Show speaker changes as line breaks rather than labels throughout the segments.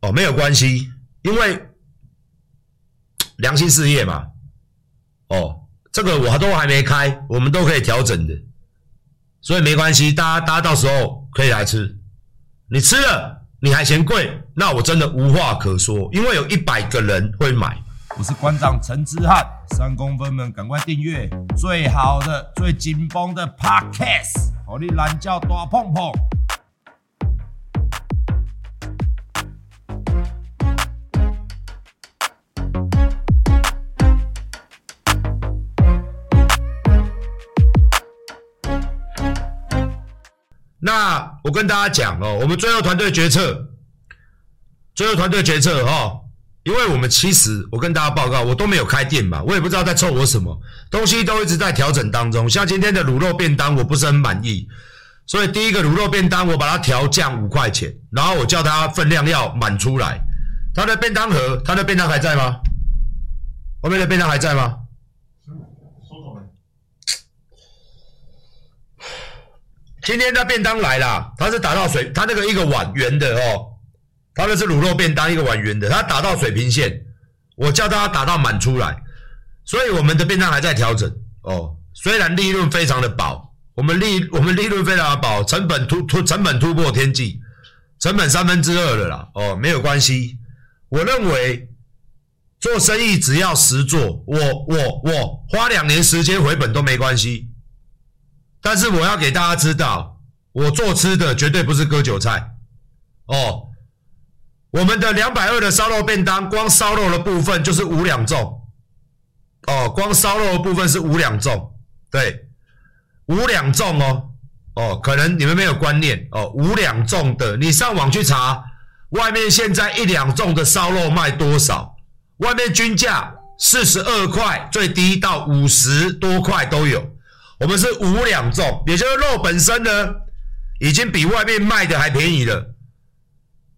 哦，沒有關係，因為良心事業嘛。哦，這個我都還沒開，我們都可以調整的，所以沒關係，大家大家到時候可以來吃。你吃了你還嫌貴，那我真的無話可說，因為有一百個人會買。我是館長陳之漢，三公分們趕快訂閱最好的、最緊繃的 Podcast，哦，你懶叫大碰碰。那我跟大家講哦，我們最後團隊決策，最後團隊決策哈、哦，因為我們其實我跟大家報告，我都沒有開店嘛，我也不知道在臭我什麼東西，都一直在調整當中。像今天的滷肉便當，我不是很滿意，所以第一個滷肉便當我把它調降五塊錢，然後我叫它分量要滿出來。它的便當盒，它的便當還在嗎？後面的便當還在嗎？今天的便當來了，他是打到水，他那個一個碗圓的哦，他那是滷肉便當，一個碗圓的，他打到水平線，我叫他打到滿出來，所以我們的便當還在調整哦，雖然利潤非常的薄，我們利我們利潤非常的薄，成本突突成本突破天際，成本三分之二了啦，哦沒有關係，我認為做生意只要實做，我我我花兩年時間回本都沒關係。但是我要給大家知道，我做吃的絕對不是割韭菜哦。我們的兩百二的燒肉便當，光燒肉的部分就是五兩重哦，光燒肉的部分是五兩重，對，五兩重哦哦，可能你們沒有觀念哦，五兩重的，你上網去查，外面現在一兩重的燒肉賣多少？外面均價四十二塊，最低到五十多塊都有。我們是五兩重，也就是肉本身呢，已經比外面賣的還便宜了。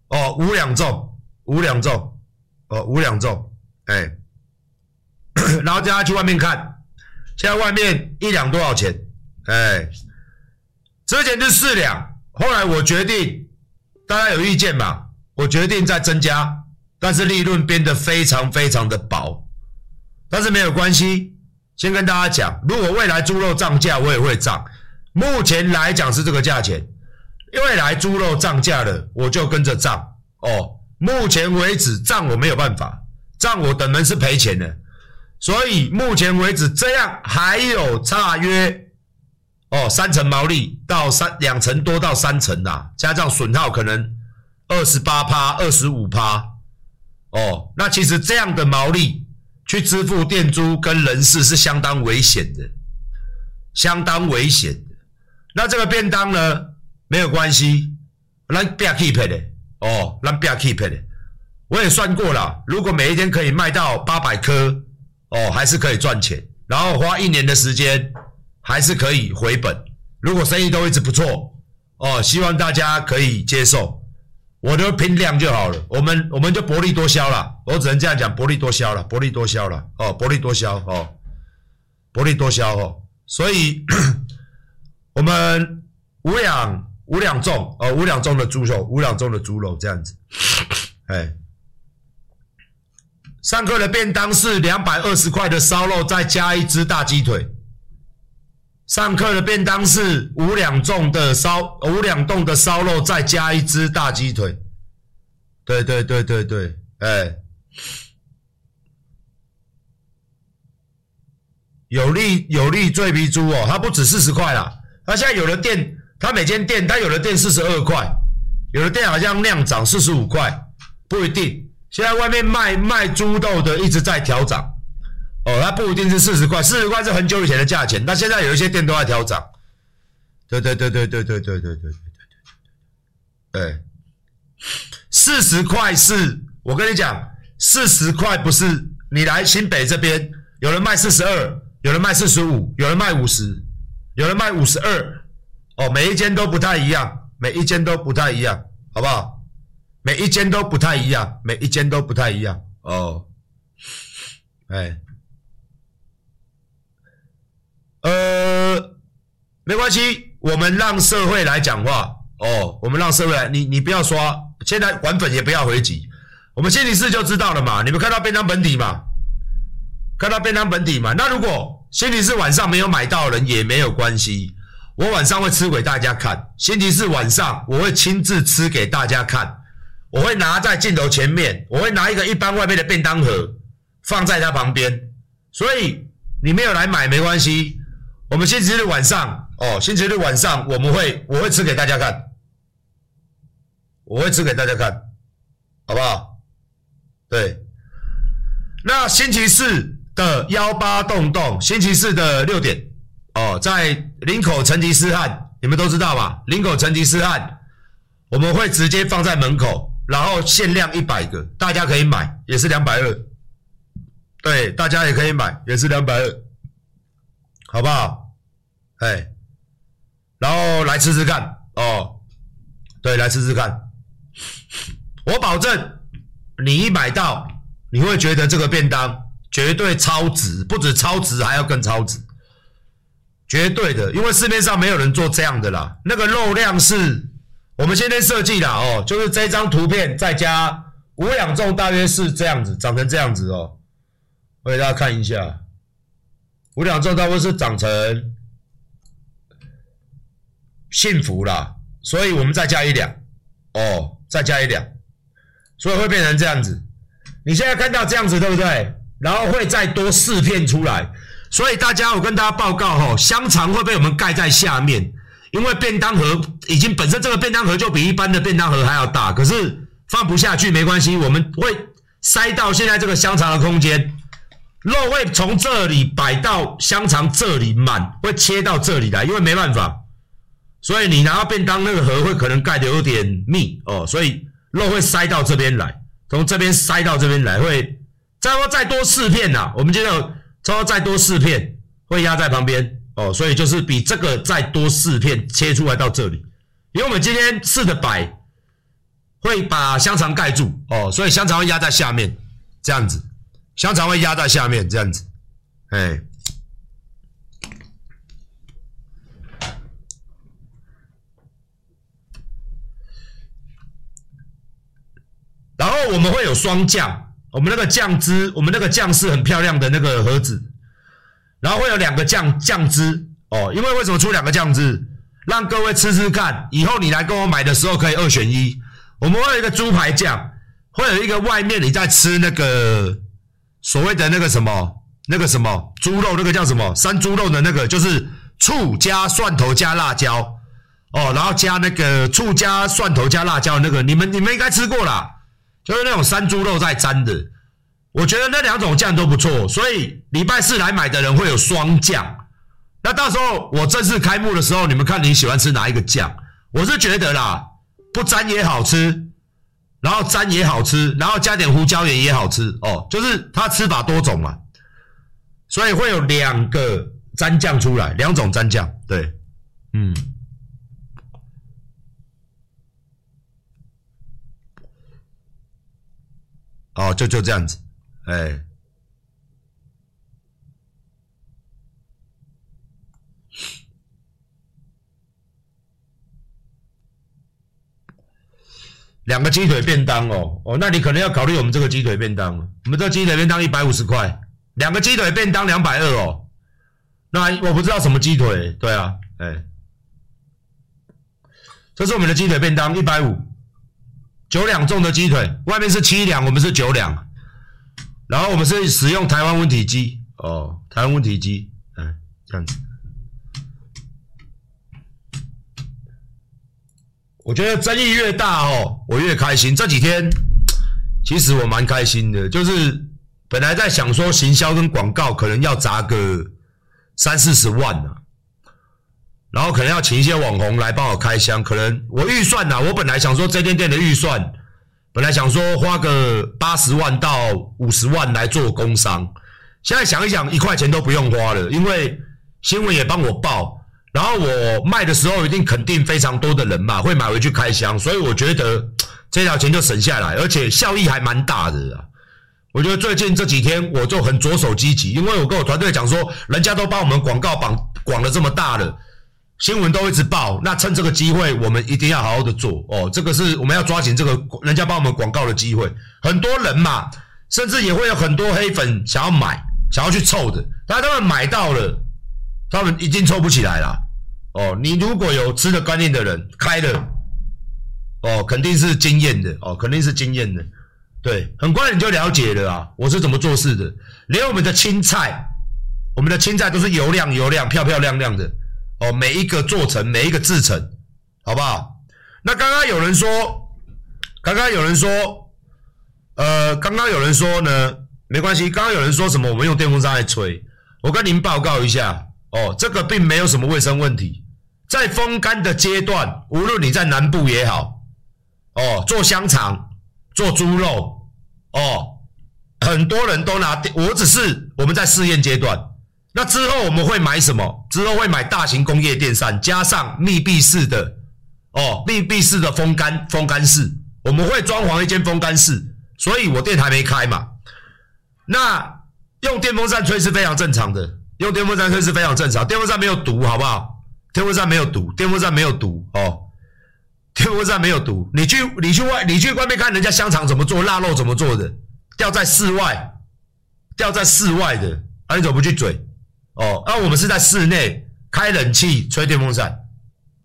哦，五兩重，五兩重，哦，五兩重，哎。 然後大家去外面看，現在外面一兩多少錢？哎，之前就是四兩。後來我決定，大家有意見吧？我決定再增加，但是利潤變得非常非常的薄，但是沒有關係。先跟大家講，如果未來豬肉漲價，我也會漲。目前來講是這個價錢，未來豬肉漲價了，我就跟着漲。哦，目前為止漲我沒有辦法，漲我等於是賠錢了。所以目前為止這樣還有差約，哦，三成毛利到三，兩成多到三成吶、啊，加上損耗可能二十八趴、二十五趴。哦，那其實這樣的毛利。去支付店租跟人事是相當危險的，相當危險的。那這個便當呢，沒有關係，咱不要 keep it 哦，咱不要 keep it。我也算過了，如果每一天可以賣到八百顆，哦，還是可以賺錢。然後花一年的時間，還是可以回本。如果生意都一直不錯，哦，希望大家可以接受，我就拼量就好了。我們我們就薄利多銷了。我只能這樣講，薄利多銷了，薄利多銷了哦，薄利多銷哦，薄利多銷哦，所以， 我們五兩五兩重哦，五兩重的豬肉，五兩重的豬肉這樣子，哎，上課的便當是兩百二十塊的燒肉，再加一隻大雞腿。上課的便當是五兩重的燒、哦、五兩重的燒肉，再加一隻大雞腿。對對對對對，哎。有利有利最皮豬哦，它不止四十塊啦。它現在有的店，它每間店，它有的店四十二塊，有的店好像量漲四十五塊，不一定。現在外面賣賣豬肉的一直在調漲，哦，它不一定是四十塊，四十塊是很久以前的價錢。那現在有一些店都在調漲。對對對對對對對對對對對對。哎，四十塊是我跟你講。四十塊不是你來新北這邊，有人賣四十二，有人賣四十五，有人賣五十，有人賣五十二，哦，每一間都不太一樣，每一間都不太一樣，好不好？每一間都不太一樣，每一間都不太一樣，哦，哎，呃，沒關係，我們讓社會來講話，哦，我們讓社會來，你你不要刷，現在館粉也不要回擊。我們星期四就知道了嘛，你們看到便當本體嘛，看到便當本體嘛。那如果星期四晚上沒有買到的人也沒有關係，我晚上會吃給大家看。星期四晚上我會親自吃給大家看，我會拿在鏡頭前面，我會拿一個一般外面的便當盒放在他旁邊。所以你沒有來買沒關係，我們星期六晚上哦，星期六晚上我們會我會吃給大家看，我會吃給大家看，好不好？對，那星期四的幺八洞洞，星期四的六點哦，在林口成吉思汗，你們都知道吧？林口成吉思汗，我們會直接放在門口，然後限量一百個，大家可以買，也是兩百二，對，大家也可以買，也是兩百二，好不好？哎，然後來吃吃看哦，對，來吃吃看，我保證。你一買到，你會覺得這個便當絕對超值，不止超值，還要更超值，絕對的，因為市面上沒有人做這樣的啦。那個肉量是，我們現在設計的哦，就是這張圖片再加五兩重，大約是這樣子，長成這樣子哦、喔。我給大家看一下，五兩重大約是長成幸福了，所以我們再加一兩，哦、喔，再加一兩。所以會變成這樣子，你現在看到這樣子對不對？然後會再多四片出來，所以大家，我跟大家報告吼、哦，香腸會被我們蓋在下面，因為便當盒已經本身這個便當盒就比一般的便當盒還要大，可是放不下去沒關係，我們會塞到現在這個香腸的空間，肉會從這裡擺到香腸這裡滿，會切到這裡來，因為沒辦法，所以你拿到便當那個盒會可能蓋得有點密哦，所以。肉會塞到這邊來，從這邊塞到這邊來，會再說再多四片吶、啊。我們就差不多再多四片會壓在旁邊哦，所以就是比這個再多四片切出來到這裡。因為我們今天試的擺會把香腸蓋住哦，所以香腸會壓在下面這樣子，香腸會壓在下面這樣子，哎。然後我們會有雙醬，我們那個醬汁，我們那個醬是很漂亮的那個盒子，然後會有兩個醬醬汁哦。因為為什麼出兩個醬汁，讓各位吃吃看，以後你來跟我買的時候可以二選一。我們會有一個豬排醬，會有一個外面你在吃那個所謂的那個什麼那個什麼豬肉，那個叫什麼三豬肉的那個，就是醋加蒜頭加辣椒哦，然後加那個醋加蒜頭加辣椒那個，你們你們應該吃過啦。都、就是那種山豬肉在沾的，我覺得那兩種醬都不錯，所以禮拜四來買的人會有雙醬。那到時候我正式開幕的時候，你們看你喜歡吃哪一個醬？我是覺得啦，不沾也好吃，然後沾也好吃，然後加點胡椒鹽也也好吃哦，就是它吃法多種嘛，所以會有兩個沾醬出來，兩種沾醬。對，嗯。哦，就就這樣子，哎、欸，兩個雞腿便當哦，哦，那你可能要考慮我們這個雞腿便當，我們這雞腿便當一百五十塊，兩個雞腿便當兩百二哦，那我不知道什麼雞腿、欸，對啊，哎、欸，這是我們的雞腿便當一百五。九兩重的雞腿，外面是七兩，我們是九兩，然後我們是使用台灣問題雞，哦，台灣問題雞，嗯、欸，這樣子。我覺得爭議越大哦，我越開心。這幾天其實我蠻開心的，就是本來在想說行銷跟廣告可能要砸個三四十萬呢、啊。然後可能要請一些網紅來幫我開箱，可能我預算啊，我本來想說這間店的預算，本來想說花個八十萬到五十萬來做工商，現在想一想，一塊錢都不用花了，因為新聞也幫我報，然後我賣的時候一定肯定非常多的人嘛會買回去開箱，所以我覺得這條錢就省下來，而且效益還蠻大的啊，我覺得最近這幾天我就很着手積極，因為我跟我團隊講說，人家都幫我們廣告榜廣得這麼大了。新聞都一直報，那趁這個機會，我們一定要好好的做哦。這個是我們要抓緊這個人家幫我們廣告的機會。很多人嘛，甚至也會有很多黑粉想要買，想要去湊的。但他們買到了，他們已經湊不起來了啊，哦，你如果有吃的觀念的人開了、哦、的，哦，肯定是驚艷的哦，肯定是驚艷的。對，很快你就了解了啊，我是怎麼做事的。連我們的青菜，我們的青菜都是油亮油亮、漂漂亮亮的。哦，每一個做成，每一個製程，好不好？那剛剛有人說，剛剛有人說，呃，剛剛有人說呢，沒關係。剛剛有人說什麼？我們用電風扇來吹，我跟您報告一下。哦，這個並沒有什麼衛生問題。在風乾的階段，無論你在南部也好，哦，做香腸，做豬肉，哦，很多人都拿電，我只是我們在試驗階段。那之後我們會買什麼？之後會買大型工業電扇，加上密閉式的哦，密閉式的風乾、風乾室，我們會裝潢一間風乾室。所以我店還沒開嘛。那用電風扇吹是非常正常的，用電風扇吹是非常正常。電風扇沒有毒，好不好？電風扇沒有毒，電風扇沒有毒哦，電風扇沒有毒。你去你去外你去外面看人家香腸怎麼做，臘肉怎麼做的，吊在室外，吊在室外的，而、啊、你怎麼不去嘴？哦，那、啊、我們是在室內開冷氣吹電風扇，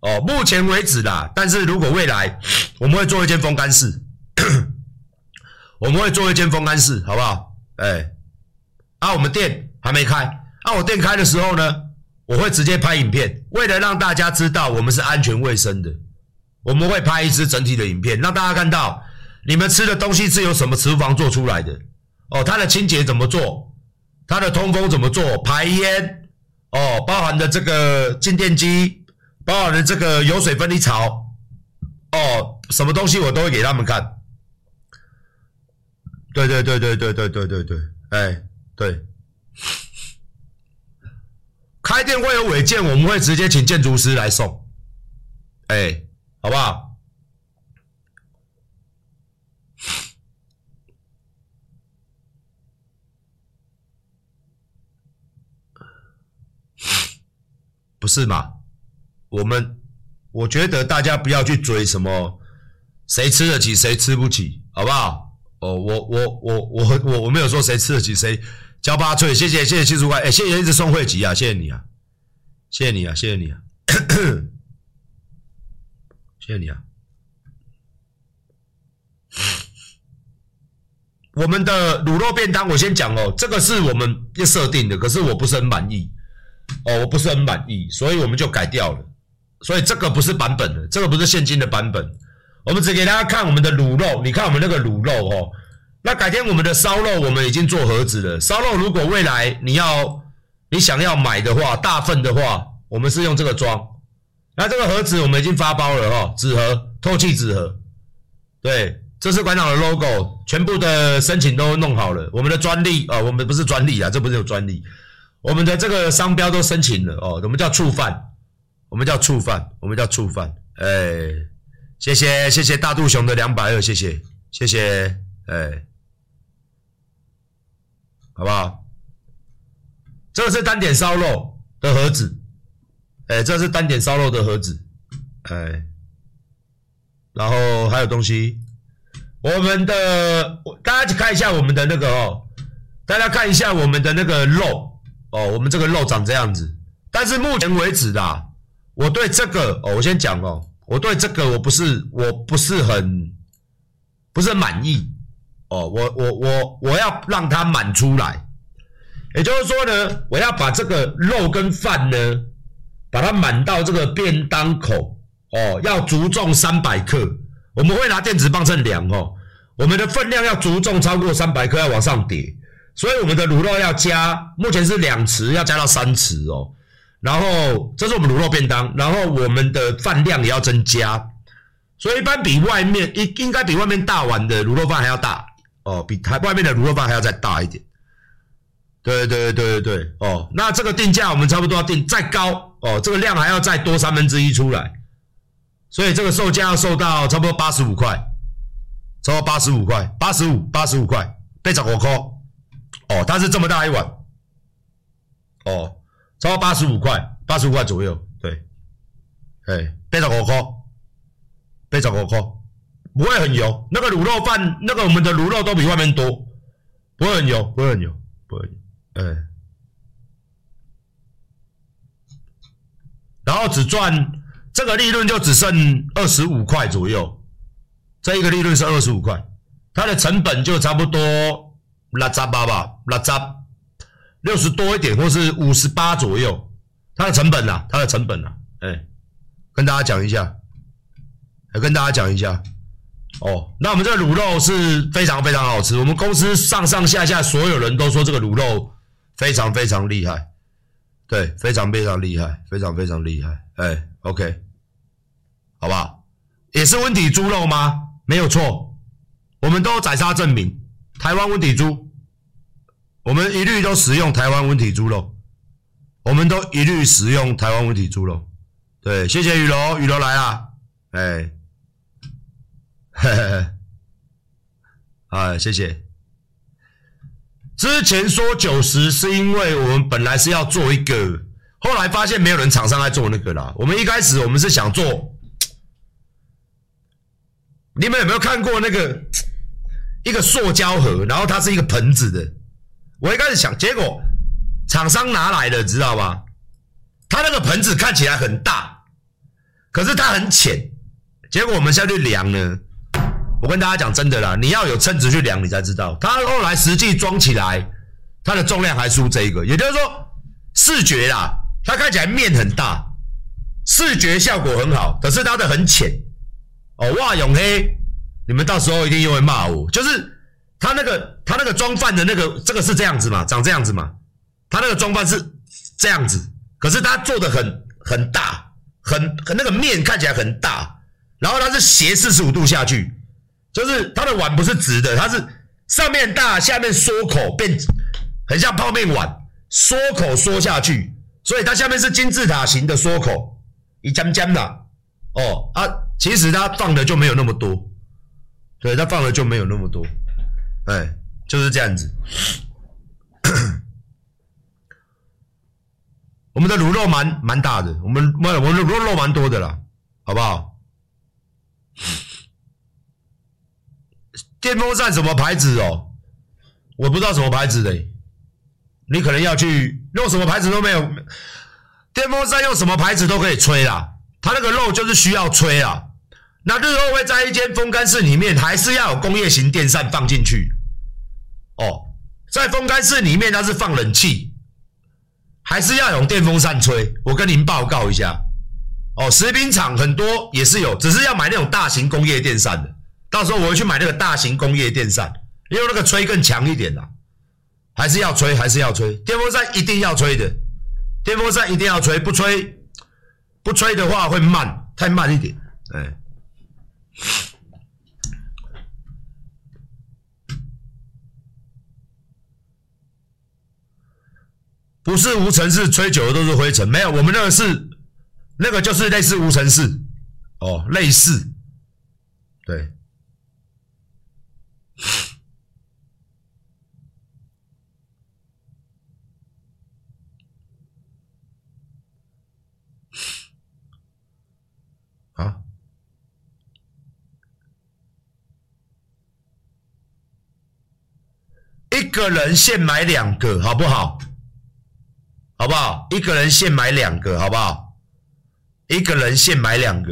哦，目前為止啦。但是如果未來，我們會做一間風乾室， 我們會做一間風乾室，好不好？哎，啊，我們店還沒開，啊，我店開的時候呢，我會直接拍影片，為了讓大家知道我們是安全衛生的，我們會拍一支整體的影片，讓大家看到你們吃的東西是由什麼廚房做出來的，哦，它的清潔怎麼做？他的通風怎麼做？排煙哦，包含的這個靜電機，包含的這個油水分離槽哦，什麼東西我都會給他們看，對對對對對對對對對，哎、欸，對， 開店會有違建，我們會直接請建築師來送，哎、欸，好不好？不是嘛？我們我覺得大家不要去追什麼誰吃得起誰吃不起，好不好？哦，我我我我我我沒有說誰吃得起誰，交八歲，謝謝謝謝七十塊，哎、欸、謝謝一直送會籍啊，謝謝你啊，謝謝你啊，謝謝你啊，謝謝你啊。 謝謝你啊 我們的滷肉便當我先講哦，這個是我們要設定的，可是我不是很滿意。哦，我不是很滿意，所以我們就改掉了。所以這個不是版本的，這個不是現今的版本。我們只給大家看我們的滷肉，你看我們那個滷肉哦。那改天我們的燒肉，我們已經做盒子了。燒肉如果未來你要你想要買的話，大份的話，我們是用這個裝。那這個盒子我們已經發包了哈，紙盒，透氣紙盒。對，這是館長的 logo，全部的申請都弄好了。我們的專利啊、呃，我們不是專利啊，這不是有專利。我們的這個商標都申請了哦，我們叫醋飯，我們叫醋飯，我們叫醋飯。哎，謝謝謝謝大肚熊的兩百二，謝謝謝謝，哎，好不好？這是單點燒肉的盒子，哎，這是單點燒肉的盒子，哎，然後還有東西。我們的大家看一下我們的那個哦，大家看一下我們的那個肉。哦，我們這個肉長這樣子，但是目前為止啦，我對這個、哦、我先講哦，我對這個我不是我不是很不是很滿意哦，我我我我要讓它滿出來，也就是說呢，我要把這個肉跟飯呢，把它滿到這個便當口哦，要足重三百克，我們會拿電子磅秤量哦，我們的分量要足重超過三百克，要往上疊。所以我們的滷肉要加，目前是兩匙，要加到三匙哦。然後這是我們滷肉便當，然後我們的飯量也要增加，所以一般比外面應應該比外面大碗的滷肉飯還要大哦，比他外面的滷肉飯還要再大一點。對對對對對，哦，那這個定價我們差不多要定再高哦，這個量還要再多三分之一出來，所以這個售價要售到差不多八十五塊，差不多八十五塊，八十五八十五塊，八十火扣。哦，它是這麼大一碗，哦，超過八十五塊，八十五塊左右，對，哎、欸，八十五塊，八十五塊，不會很油。那個滷肉飯，那個我們的滷肉都比外面多，不會很油，不會很油，不會很油。呃、欸，然後只賺這個利潤就只剩二十五塊左右，這一個利潤是二十五塊，它的成本就差不多。拉扎巴吧，拉扎六十多一點，或是五十八左右，它的成本吶、啊，它的成本吶、啊，哎、欸，跟大家講一下、欸，跟大家講一下，哦，那我們這個滷肉是非常非常好吃，我們公司上上下下所有人都說這個滷肉非常非常厲害，對，非常非常厲害，非常非常厲害，哎、欸，OK，好吧，也是溫體豬肉嗎？沒有錯，我們都有宰殺證明。台灣溫體豬，我們一律都使用台灣溫體豬肉，我們都一律使用台灣溫體豬肉。對，謝謝雨柔，雨柔來了，哎、欸，嘿嘿嘿好，謝謝。之前說九十是因為我們本來是要做一個，後來發現沒有人廠商在做那個了。我們一開始我們是想做，你們有沒有看過那個？一個塑膠盒，然後它是一個盆子的。我一開始想，結果廠商拿來的，知道吧？它那個盆子看起來很大，可是它很淺。結果我們下去量呢，我跟大家講真的啦，你要有秤子去量，你才知道。它後來實際裝起來，它的重量還輸這一個，也就是說，視覺啦，它看起來面很大，視覺效果很好，可是它的很淺。哦，哇，永黑。你們到時候一定又會罵我，就是他那個他那個裝飯的那個，這個是這樣子嘛，長這樣子嘛。他那個裝飯是這樣子，可是他做的很很大，很很那個面看起來很大，然後它是斜四十五度下去，就是它的碗不是直的，它是上面大，下面縮口變，很像泡面碗，縮口縮下去，所以它下面是金字塔形的縮口，一尖尖的哦啊，其實它放的就沒有那麼多。對，他放了就沒有那麼多，哎，就是這樣子。 我們的滷肉蠻蠻大的，我們我們滷肉，肉蠻多的啦，好不好？ 電風扇什麼牌子哦？我不知道什麼牌子的你。你可能要去用什麼牌子都沒有。電風扇用什麼牌子都可以吹啦，它那個肉就是需要吹啦。那日後會在一間風乾室裡面，還是要有工業型電扇放進去哦。在風乾室裡面，它是放冷氣，還是要用電風扇吹。我跟您報告一下哦。食品廠很多也是有，只是要買那種大型工業電扇的。到時候我會去買那個大型工業電扇，因為那個吹更強一點啦、啊。還是要吹，還是要吹，電風扇一定要吹的，電風扇一定要吹，不吹不吹的話會慢，太慢一點，哎。不是無塵室，吹久了都是灰塵。沒有，我們那個是那個就是類似無塵室，哦，類似，對。一個人限買兩個，好不好？好不好？一個人限買兩個，好不好？一個人限買兩個，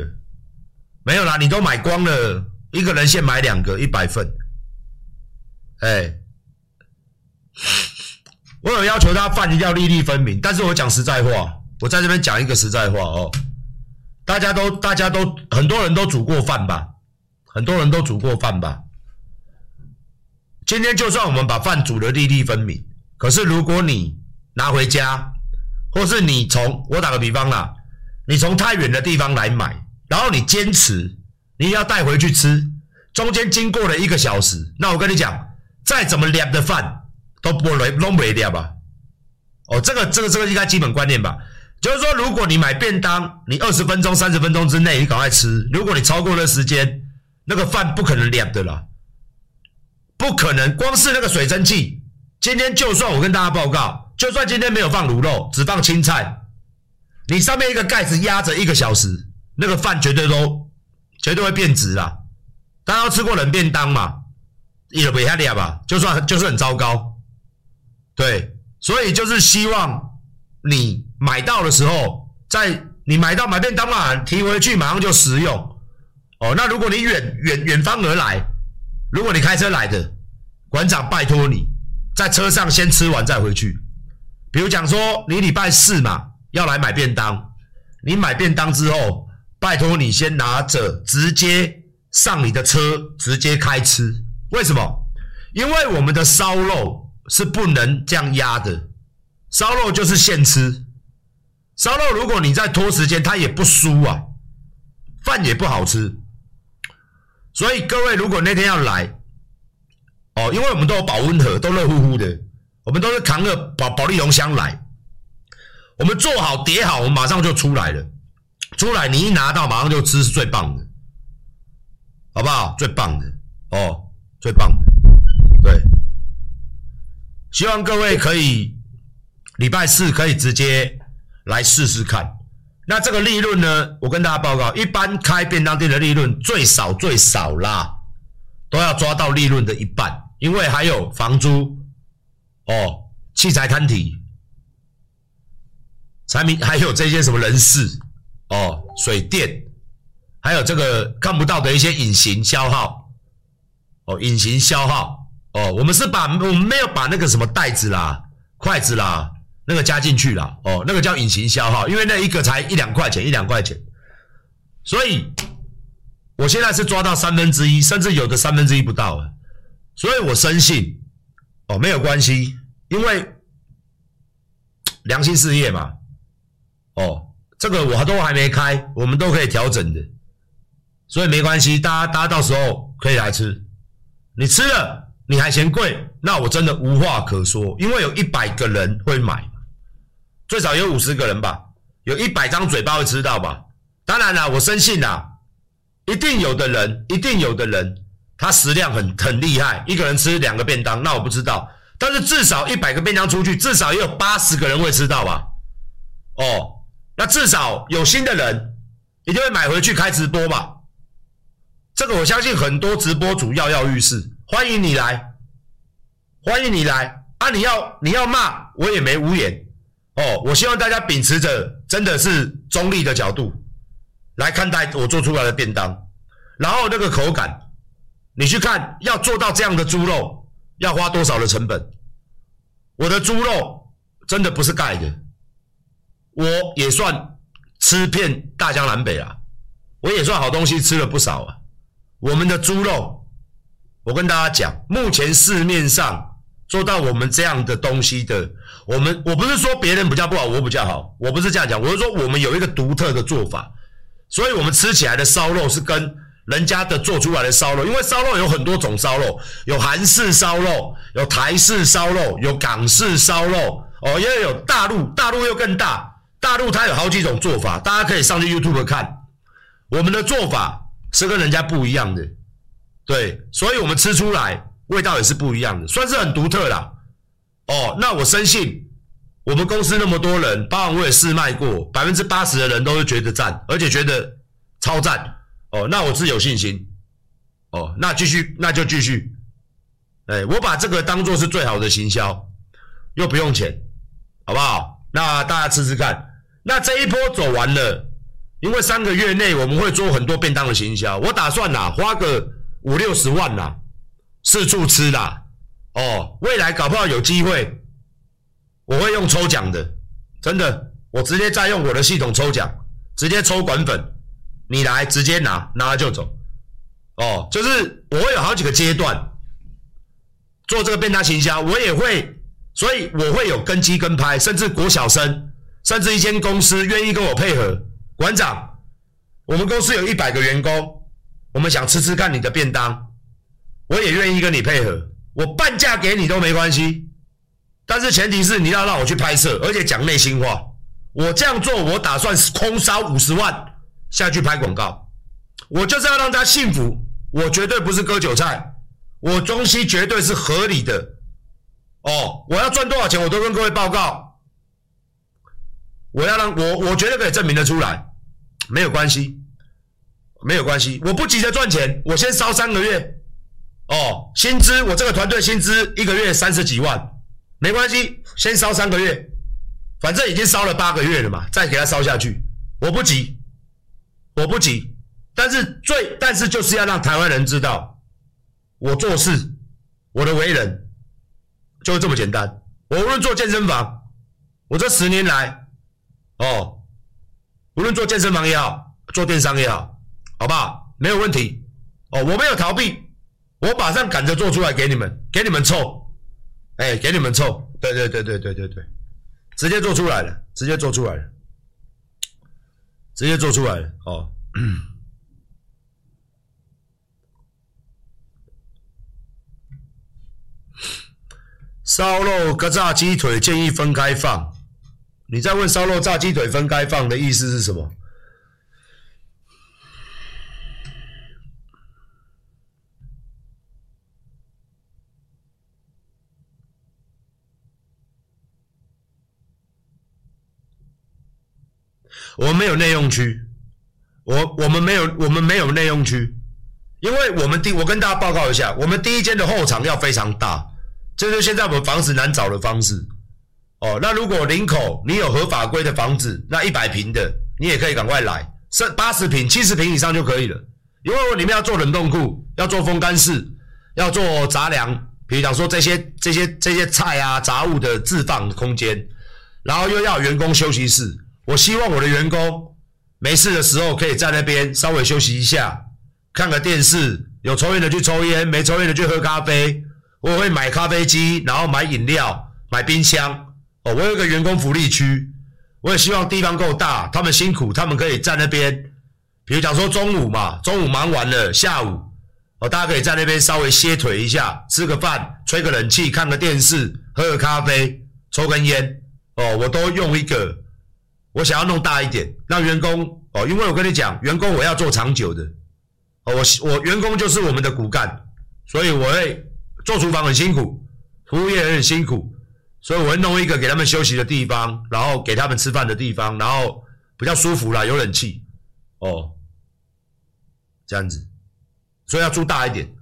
沒有啦，你都買光了。一個人限買兩個，一百份。哎、欸，我有要求，他飯一定要粒粒分明。但是我講實在話，我在這邊講一個實在話哦。大家都大家都很多人都煮過飯吧，很多人都煮過飯吧。今天就算我們把飯煮得粒粒分明，可是如果你拿回家，或是你從，我打個比方啦，你從太遠的地方來買，然後你堅持，你要帶回去吃，中間經過了一個小時，那我跟你講，再怎麼涼的飯都不雷弄不雷掉吧。哦，這個這個這個應該基本觀念吧，就是說，如果你買便當，你二十分鐘、三十分鐘之內你趕快吃，如果你超過了時間，那個飯不可能涼的啦。不可能，光是那個水蒸氣。今天就算我跟大家報告，就算今天沒有放滷肉，只放青菜，你上面一個蓋子壓着一個小時，那個飯絕對都絕對會變質啦，大家都吃過冷便當嘛，也別瞎聊吧，就算就是很糟糕。對，所以就是希望你買到的時候，在你買到買便當嘛、啊，提回去馬上就食用。哦，那如果你遠遠遠方而來。如果你開車來的，館長拜托你在車上先吃完再回去。比如講說，你禮拜四嘛要來買便當，你買便當之後，拜托你先拿着，直接上你的車，直接開吃。為什麼？因為我們的燒肉是不能這樣壓的，燒肉就是現吃。燒肉如果你再拖時間，它也不酥啊，飯也不好吃。所以各位，如果那天要來，哦，因為我們都有保溫盒，都熱乎乎的，我們都是扛着保保麗龍箱來，我們做好疊好，我們馬上就出來了。出來你一拿到，馬上就吃是最棒的，好不好？最棒的哦，最棒的，對。希望各位可以禮拜四可以直接來試試看。那這個利潤呢？我跟大家報告，一般開便當店的利潤最少最少啦，都要抓到利潤的一半，因為還有房租，哦，器材攤體，產品，還有這些什麼人事，哦，水電，還有這個看不到的一些隱形消耗，哦，隱形消耗，哦，我們是把我們沒有把那個什麼袋子啦，筷子啦那個加進去了哦，那個叫隱形消耗，因為那一個才一兩塊錢，一兩塊錢，所以，我現在是抓到三分之一，甚至有的三分之一不到了，所以我深信，哦，沒有關係，因為良心事業嘛，哦，這個我都還沒開，我們都可以調整的，所以沒關係，大家大家到時候可以來吃，你吃了你還嫌貴，那我真的無話可說，因為有一百個人會買。最少有五十個人吧，有一百張嘴巴會吃到吧。當然了、啊，我深信啦、啊，一定有的人，一定有的人，他食量很很厲害，一個人吃兩個便當，那我不知道。但是至少一百個便當出去，至少也有八十個人會吃到吧。哦，那至少有新的人一定會買回去開直播吧。這個我相信很多直播主躍躍欲試，歡迎你來，歡迎你來啊！你要你要罵我也沒無言。哦，我希望大家秉持着真的是中立的角度來看待我做出來的便當，然後那個口感，你去看要做到這樣的豬肉要花多少的成本？我的豬肉真的不是蓋的，我也算吃遍大江南北了啊，我也算好東西吃了不少啊。我們的豬肉，我跟大家講，目前市面上。做到我們這樣的東西的，我們我不是說別人比較不好，我比較好，我不是這樣講，我就是說我們有一個獨特的做法，所以我們吃起來的燒肉是跟人家的做出來的燒肉，因為燒肉有很多種燒肉，有韓式燒肉，有台式燒肉，有港式燒肉，哦，因為有大陸，大陸又更大，大陸它有好幾種做法，大家可以上去 YouTube 看，我們的做法是跟人家不一樣的，對，所以我們吃出來。味道也是不一樣的，算是很獨特啦。哦，那我深信我們公司那麼多人，包含我也試賣過，百分之八十的人都是覺得讚，而且覺得超讚。哦，那我是有信心。哦，那繼續，那就繼續。哎、欸，我把這個當作是最好的行銷，又不用錢，好不好？那大家吃吃看。那這一波走完了，因為三個月內我們會做很多便當的行銷，我打算吶、啊、花個五六十萬吶、啊。四處吃啦，哦，未來搞不好有機會，我會用抽獎的，真的，我直接再用我的系統抽獎，直接抽管粉，你來直接拿，拿了就走，哦，就是我會有好幾個階段做這個便當行銷，我也會，所以我會有跟機跟拍，甚至國小生，甚至一間公司願意跟我配合，館長，我們公司有一百個員工，我們想吃吃看你的便當。我也願意跟你配合，我半價給你都沒關係，但是前提是你要讓我去拍攝，而且講內心話。我這樣做，我打算空燒五十萬下去拍廣告，我就是要讓他幸福，我絕對不是割韭菜，我中西絕對是合理的。哦，我要賺多少錢，我都跟各位報告。我要讓我，我絕對可以證明得出來，沒有關係，沒有關係，我不急着賺錢，我先燒三個月。哦，薪資我這個團隊薪資一個月三十幾萬，沒關係，先燒三個月，反正已經燒了八個月了嘛，再給他燒下去，我不急，我不急。但是最，但是就是要讓台灣人知道，我做事，我的為人，就這麼簡單。我無論做健身房，我這十年來，哦，無論做健身房也好，做電商也好，好不好？沒有問題。哦，我沒有逃避。我馬上趕着做出來給你們，給你們臭，哎、欸，給你們臭，對對對對對對對，直接做出來了，直接做出來了，直接做出來了哦。燒、嗯、肉跟炸雞腿建議分開放。你在問燒肉炸雞腿分開放的意思是什麼？我，我，我們沒有內用區，我我們沒有我們沒有內用區，因為我們第我跟大家報告一下，我們第一間的後場要非常大，這，就是現在我們房子難找的方式。哦，那如果林口你有合法規的房子，那一百坪的你也可以趕快來，是八十坪，七十坪以上就可以了，因為我裡面要做冷凍庫，要做風乾室，要做雜糧，比如講說這些這些這些菜啊雜物的置放空間，然後又要員工休息室。我希望我的員工沒事的時候可以在那邊稍微休息一下，看個電視，有抽菸的去抽菸，沒抽菸的去喝咖啡。我會買咖啡機，然後買飲料，買冰箱。哦，我有一個員工福利區，我也希望地方夠大，他們辛苦，他們可以在那邊，比如講說中午嘛，中午忙完了，下午，哦，大家可以在那邊稍微歇腿一下，吃個飯，吹個冷氣，看個電視，喝個咖啡，抽根菸。哦，我都用一個。我想要弄大一點，讓員工哦，因為我跟你講，員工我要做長久的哦，我我員工就是我們的骨幹，所以我會做廚房很辛苦，服務業也很辛苦，所以我會弄一個給他們休息的地方，然後給他們吃飯的地方，然後比較舒服啦，有冷氣哦，這樣子，所以要住大一點。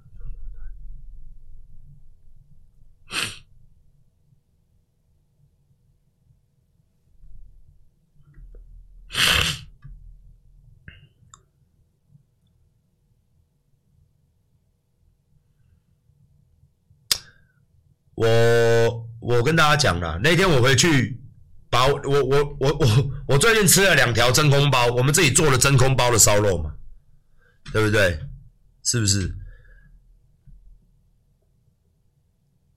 我我跟大家講啦，那天我回去，把我我我我我最近吃了兩條真空包，我們自己做的真空包的燒肉嘛，對不對？是不是？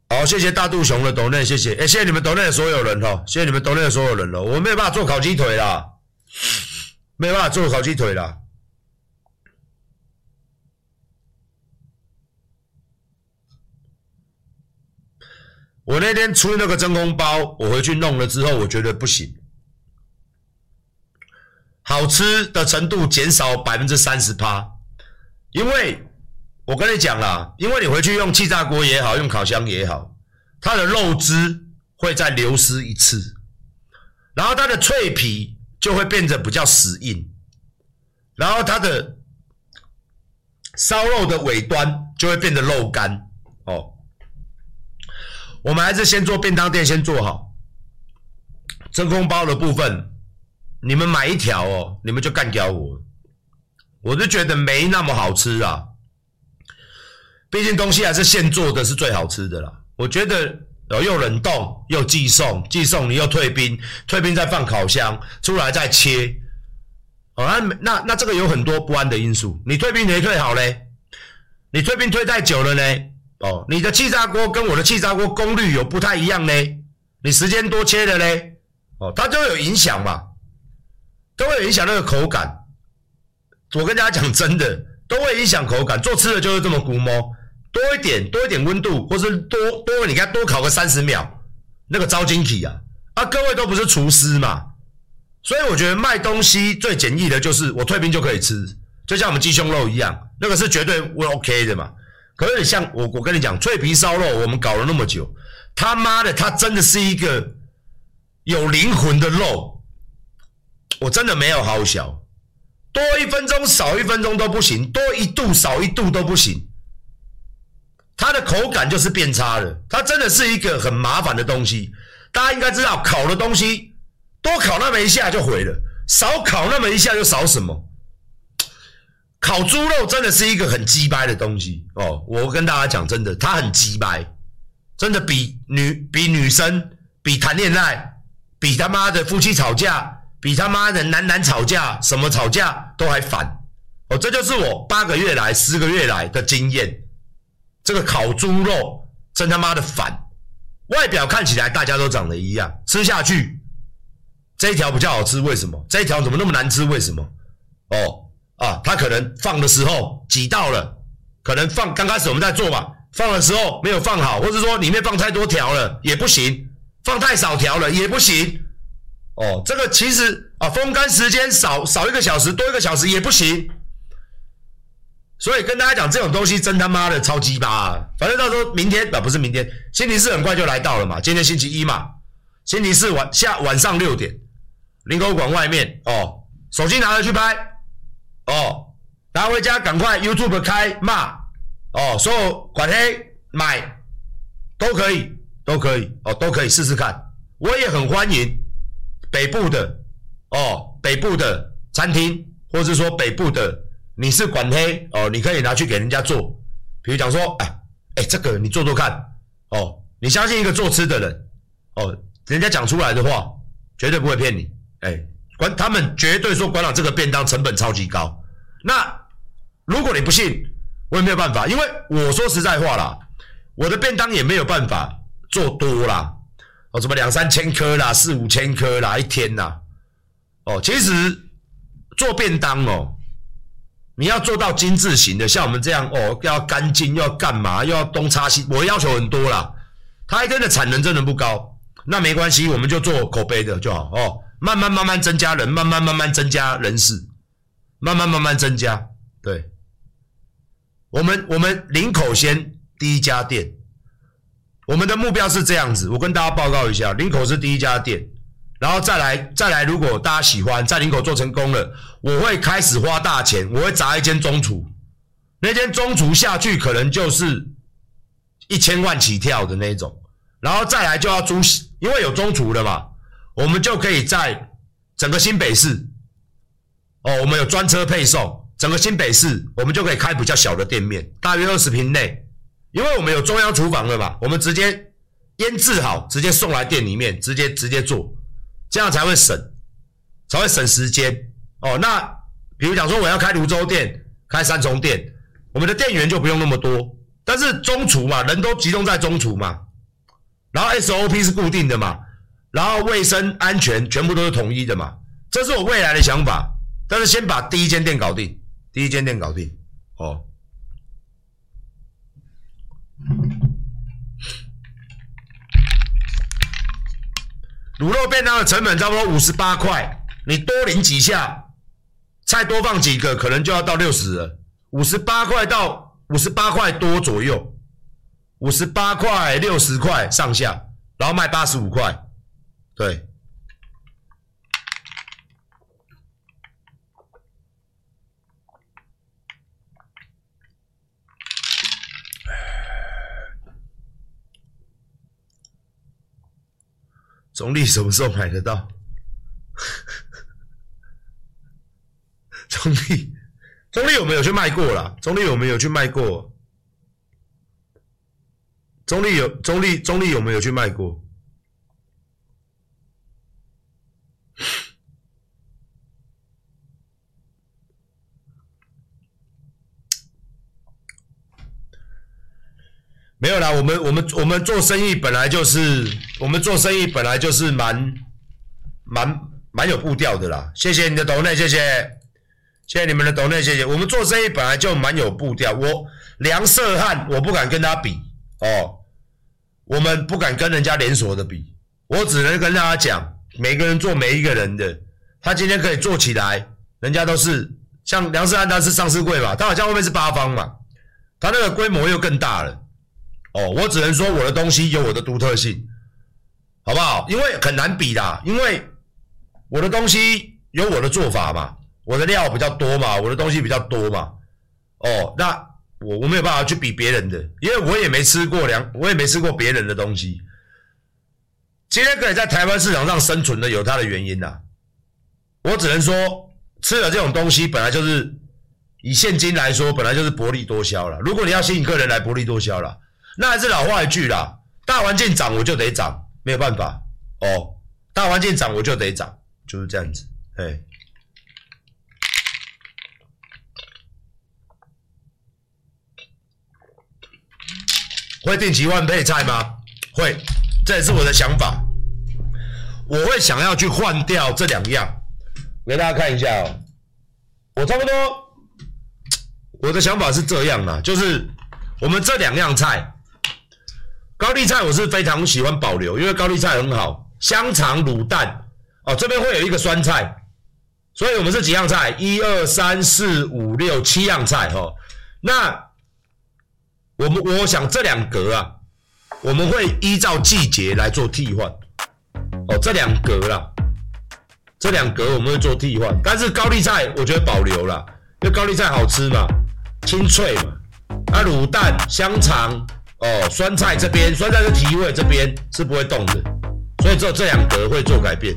好，謝謝大肚熊的鬥內，謝謝，哎、欸，謝謝你們鬥內所有人哈，謝謝你們鬥內的所有人了，我沒有辦法做烤雞腿啦，沒辦法做烤雞腿啦。我那天出那個真空包，我回去弄了之後，我覺得不行，好吃的程度減少百分之三十八。因為，我跟你講啦，因為你回去用氣炸鍋也好，用烤箱也好，它的肉汁會再流失一次，然後它的脆皮就會變得比較死硬，然後它的燒肉的尾端就會變得肉乾哦。我們還是先做便當店，先做好真空包的部分。你們買一條哦，你們就幹掉我。我就覺得沒那麼好吃啊。畢竟東西還是現做的，是最好吃的啦。我覺得，呃、哦，又冷凍，又寄送，寄送你又退冰，退冰再放烤箱，出來再切、哦。那那，那這個有很多不安的因素。你退冰你退好嘞？你退冰退太久了呢？哦，你的氣炸鍋跟我的氣炸鍋功率有不太一樣呢，你時間多切了呢，哦，它就會有影響嘛，都會影響那個口感。我跟大家講真的，都會影響口感，做吃的就是這麼龜毛，多一點多一點溫度，或是多多，你看多烤個三十秒，那個招驚喜啊！啊，各位都不是廚師嘛，所以我覺得賣東西最簡易的就是我退冰就可以吃，就像我們雞胸肉一樣，那個是絕對會 OK 的嘛。可是像我，我跟你講，脆皮燒肉，我們搞了那麼久，他媽的，它真的是一個有靈魂的肉，我真的沒有唬洨，多一分鐘少一分鐘都不行，多一度少一度都不行，它的口感就是變差了，它真的是一個很麻煩的東西，大家應該知道，烤的東西多烤那麼一下就毀了，少烤那麼一下就少什麼。烤豬肉真的是一個很雞掰的東西哦！我跟大家講，真的，它很雞掰，真的比女比女生比談戀愛比他媽的夫妻吵架，比他媽的男男吵架什麼吵架都還煩哦！這就是我八個月來十個月來的經驗，這個烤豬肉真他媽的煩。外表看起來大家都長得一樣，吃下去這一條比較好吃，為什麼？這一條怎麼那麼難吃？為什麼？哦。啊，他可能放的時候擠到了，可能放剛開始我們在做嘛，放的時候沒有放好，或者說裡面放太多條了也不行，放太少條了也不行。哦，這個其實啊，風乾時間少少一個小時多一個小時也不行。所以跟大家講，這種東西真他媽的超雞巴。反正到時候明天啊，不是明天，星期四很快就來到了嘛，今天星期一嘛。星期四晚下晚上六點，林口館外面哦，手機拿着去拍。哦，拿回家趕快 YouTube 開罵哦，所有管黑買都可以，都可以哦，都可以試試看。我也很歡迎北部的哦，北部的餐廳，或是說北部的你是管黑哦，你可以拿去給人家做。比如講說，哎哎，這個你做做看哦，你相信一個做吃的人哦，人家講出來的話絕對不會騙你哎。他們絕對說，館長這個便當成本超級高。那如果你不信，我也沒有辦法，因為我說實在話啦，我的便當也沒有辦法做多啦。哦，什麼兩三千顆啦，四五千顆啦，一天啦。哦，其實做便當哦，你要做到精致型的，像我們這樣哦，要乾淨，要幹嘛，又要東擦西，我要求很多啦。他一天的產能真的不高，那沒關係，我們就做口碑的就好哦。慢慢慢慢增加人，慢慢慢慢增加人事，慢慢慢慢增加。對，我們我們林口先第一家店，我們的目標是這樣子。我跟大家報告一下，林口是第一家店，然後再來再來。如果大家喜歡在林口做成功了，我會開始花大錢，我會砸一間中廚，那間中廚下去可能就是一千萬起跳的那種，然後再來就要租，因為有中廚的嘛。我們就可以在整個新北市，哦，我們有專車配送，整個新北市，我們就可以開比較小的店面，大約二十坪內，因為我們有中央廚房的嘛，我們直接醃製好，直接送來店裡面，直接直接做，這樣才會省，才會省時間。哦，那比如講說我要開蘆洲店，開三重店，我們的店員就不用那麼多，但是中廚嘛，人都集中在中廚嘛，然後 SOP 是固定的嘛。然後衛生安全全部都是統一的嘛，這是我未來的想法，但是先把第一間店搞定，第一間店搞定，哦。滷肉便當的成本差不多五十八塊，你多淋幾下，菜多放幾個，可能就要到六十了。五十八塊到五十八塊多左右，五十八塊六十塊上下，然後賣八十五塊。對。中立什麼時候買得到？ 中立，中立有沒有去賣過啦？中立有沒有去賣過？中立有，中立，中立有沒有去賣過？沒有啦，我們我們我們做生意本來就是，我們做生意本來就是蠻，蠻蠻有步調的啦。謝謝你的抖內，謝謝，謝謝你們的抖內，謝謝。我們做生意本來就蠻有步調。我梁社漢，我不敢跟他比哦。我們不敢跟人家連鎖的比，我只能跟大家講，每個人做每一個人的。他今天可以做起來，人家都是像梁社漢，他是上市櫃吧，他好像後面是八方嘛，他那個規模又更大了。哦，我只能說我的東西有我的獨特性，好不好？因為很難比啦，因為我的東西有我的做法嘛，我的料比較多嘛，我的東西比較多嘛。哦，那我我沒有辦法去比別人的，因為我也沒吃過兩，我也沒吃過別人的東西。今天可以在台灣市場上生存的，有它的原因啦。我只能說，吃了這種東西本來就是以現金來說，本來就是薄利多銷啦。如果你要吸引客人來薄利多銷啦。那還是老話一句啦，大環境漲我就得漲，沒有辦法哦。大環境漲我就得漲，就是這樣子，哎。會定期換配菜嗎？會，這也是我的想法。我會想要去換掉這兩樣，給大家看一下哦。我差不多，我的想法是這樣啦，就是我們這兩樣菜。高麗菜我是非常喜歡保留，因為高麗菜很好。香腸、滷蛋，哦，這邊會有一個酸菜，所以我們是幾樣菜？一二三四五六七樣菜哈、哦。那我們我想這兩格啊，我們會依照季節來做替換。哦，這兩格啦，這兩格我們會做替換，但是高麗菜我覺得保留啦，因為高麗菜好吃嘛，清脆嘛。那、啊、滷蛋、香腸。哦，酸菜這邊，酸菜的體位，這邊是不會動的，所以只有這兩格會做改變。